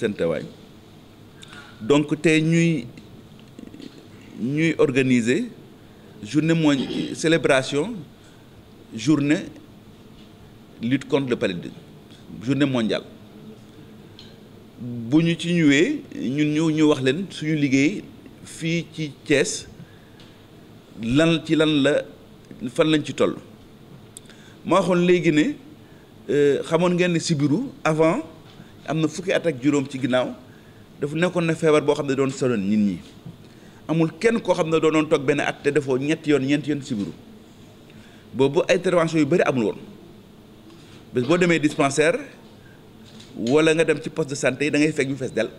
seen teewaay donc te ñuy ñuy organiser journée mon célébration journée lutte contre le paludisme journée mondiale bu ñu ci ñëwee ñun ñu ñu wax leen suñu liggéey fii ci Thiès lan ci lan la fan lañ ci toll ma waxoon léegi ne euh, xamoon ngeen ne sibiru avant am na fukki at ak juróom ci ginnaaw dafa nekkoon na feebar boo xam ne doon sonal nit ñi amul kenn koo xam ne doo doon toog benn at te defoo ñetti yoon ñeenti yoon sibiru boobu intervention yu bëri amul woon bés boo demee dispensaire wala nga dem ci poste de santé yi da ngay fekk ñu fees del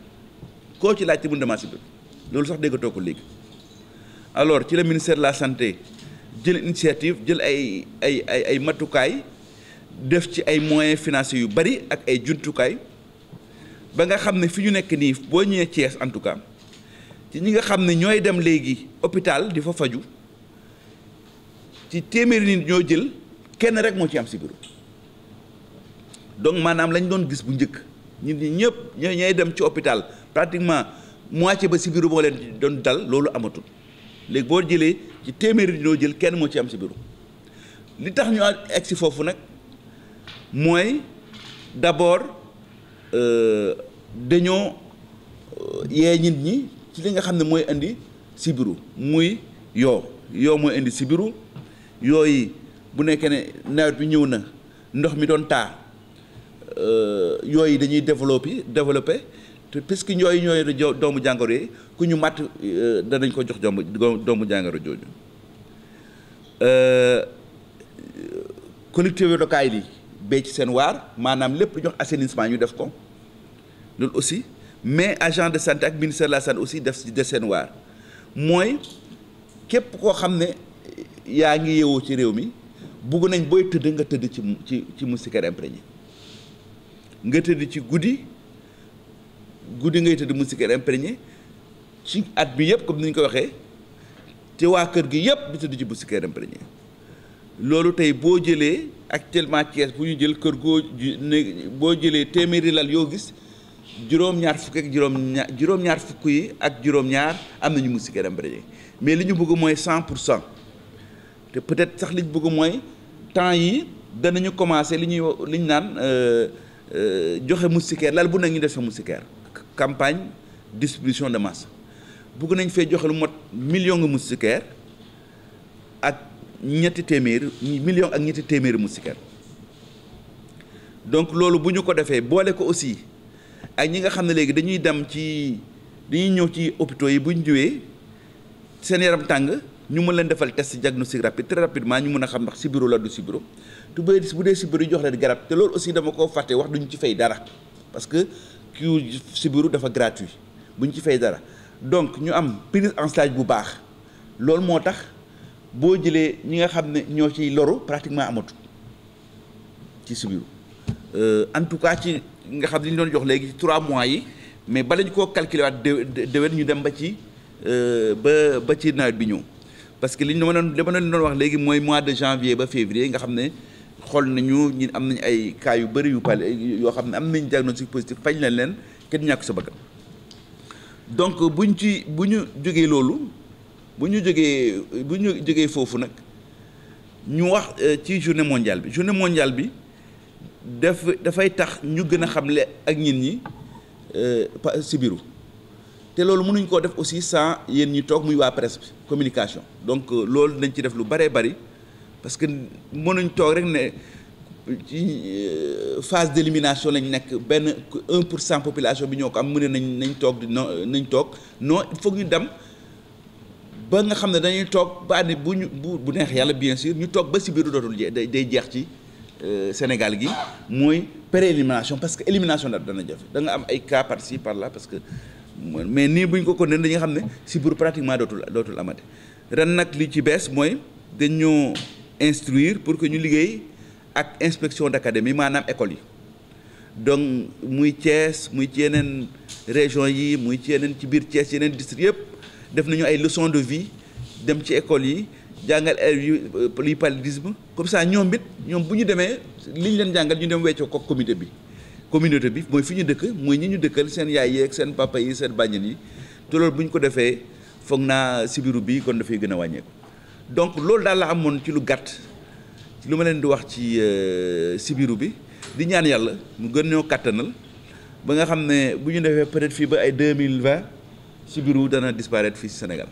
koo ci laajte mun demaa sibiru loolu sax déggatoo ko léegi alors ci la ministère la santé jël initiative jël ay ay ay ay matukaay def ci ay moyens financiers yu bari ak ay jumtukaay ba nga xam ne fi ñu nekk nii boo ñëwee Thiès en tout cas ci ñi nga xam ne ñooy dem léegi hôpital di fa faju ci téeméeri nit ñoo jël kenn rek moo ci am sibiru donc maanaam lañ doon gis bu njëkk nit ñi ñëpp ñooy dem ci hôpital pratiquement moitié ba sibiru moo leen doon dal loolu amatul léegi boo jëlee ci téeméeri nit ñoo jël kenn moo ci am sibiru li tax ñu egsi foofu nag mooy d'abord Euh, dañoo euh, yee nit ñi ci li nga xam ne mooy indi sibiru muy yoo yoo mooy indi sibiru yooyu bu nekkee ne nawet bi ñëw na ndox mi doon taa euh, yooyu dañuy développé développé te puisque yooyu ñooy doomu jàngoro yi ku ñu màtt danañ ko jox jomb doomu jàngoro jooju collectivités locales yi béy ci seen waar maanaam lépp lu ñuy wax assainissement def ko loolu aussi mais agent de santé ak ministère la santé aussi def ci de seen waar mooy képp koo xam ne yaa ngi yeewoo ci réew mi bugg nañ booy tëdd nga tëdd ci ci ci moustiquaire imprégné nga tëdd ci guddi guddi ngay tëdd moustiquaire imprégné ci at bi yëpp comme ni ñu ko waxee te waa kër gi yëpp di tëdd ci moustiquaire imprégné loolu tey boo jëlee actuellement Thiès bu ñu jël kër goo boo jëlee téeméeri lal yoo gis juróom-ñaar fukk juróom-ñaar fukk yi ak juróom-ñaar am nañu musique rembrayé mais li ñu bëgg mooy cent pour cent te peut-être sax li bëgg mooy temps yi danañu commencé li ñuy li ñu naan euh, euh, joxe moustiquaire lal bu ne ñu def sa moustiquaire campagne distribution de masse bëgg nañ fee joxe lu mot million nga moustiquaire ak ñetti téeméer million ak ñetti téeméeri moustiquaire donc loolu bu ñu ko defee boole ko aussi ak ñi nga xam ne léegi dañuy dem ci dañuy ñëw ci hôpitaux yi bu ñu ñëwee seen yaram tàng ñu mën leen defal test diagnostic rapide très rapidement ñu mën a xam ndax sibiru la du sibiru te bu dee sibiru jox leen garab te loolu aussi dama ko fàtte wax duñu ci fay dara parce que kii sibiru dafa gratuit buñu ci fay dara donc ñu am prise en charge bu baax loolu moo tax. boo jëlee ñi nga xam ne ñoo ciy loru pratiquement amatu ci subiru euh, en tout cas ci nga xam li ñu doon jox léegi trois mois yi mais bala ñu koo calculer waat déwén ñu dem ba ci euh, ba ba ci nawet bi ñëw parce que li ñu mënoon li ma leen doon wax léegi mooy mois de janvier ba février nga xam ne xool nañu ñun am nañu ay cas yu bëri yu pale yoo xam ne am nañu diagnostic positif fañ leen leen kenn ñàkk sa bakkan donc buñ ci bu ñu jógee loolu bu ñu jógee bu ñu jógee foofu nag ñu wax euh, ci journée mondiale bi journée mondiale bi daf dafay tax ñu gën a xamle ak ñin ñi euh, pa biiru te loolu mënuñ koo def aussi sans yéen ñi toog muy waa presse communication donc euh, loolu dañ ci def lu bëree bari parce que mënuñ toog rek ne ci phase d'élimination lañ nekk benn un pour cent population bi ñoo ko am mu ne nañ nañ toog non nañ toog non il ñu dem ba nga xam ne dañuy toog ba ànd bu ñu bu bu neex yàlla bien sûr ñu toog ba si biir dootul day day jeex ci euh, Sénégal gi mooy pré parce que élimination da dana jafe danga am ay cas par ci par là parce que mais nii bu ñu ko ko nen dañuy xam ne si biir pratiquement dootul dootul amate ren nag li ci bees mooy dañoo instruire pour que ñu liggéey ak inspection d'académie maanaam école yi donc muy Thiès muy ci yeneen région yi muy ci yeneen ci biir Thiès yeneen district yëpp def nañu ay leçons de vie dem ci école yi jàngal yu euh, luy paludisme comme ça ñoom it ñoom bu ñu demee li ñu leen jàngal ñu dem weccoo ko comité bi communauté bi mooy fi ñu dëkk mooy ñi ñu dëkkal seen yaay yeeg seen papa yi seen bàññen yi te loolu bu ñu ko defee foog naa sibiru bi kon dafay gën a wàññeeku donc loolu daal la amoon ci lu gàtt ci lu ma leen di wax ci euh, sibiru bi di ñaan yàlla mu gën ñoo kàttanal ba nga xam ne bu ñu defee peut-être fii ba ay deux mille vingt Sibiru dana disparaître fii Sénégal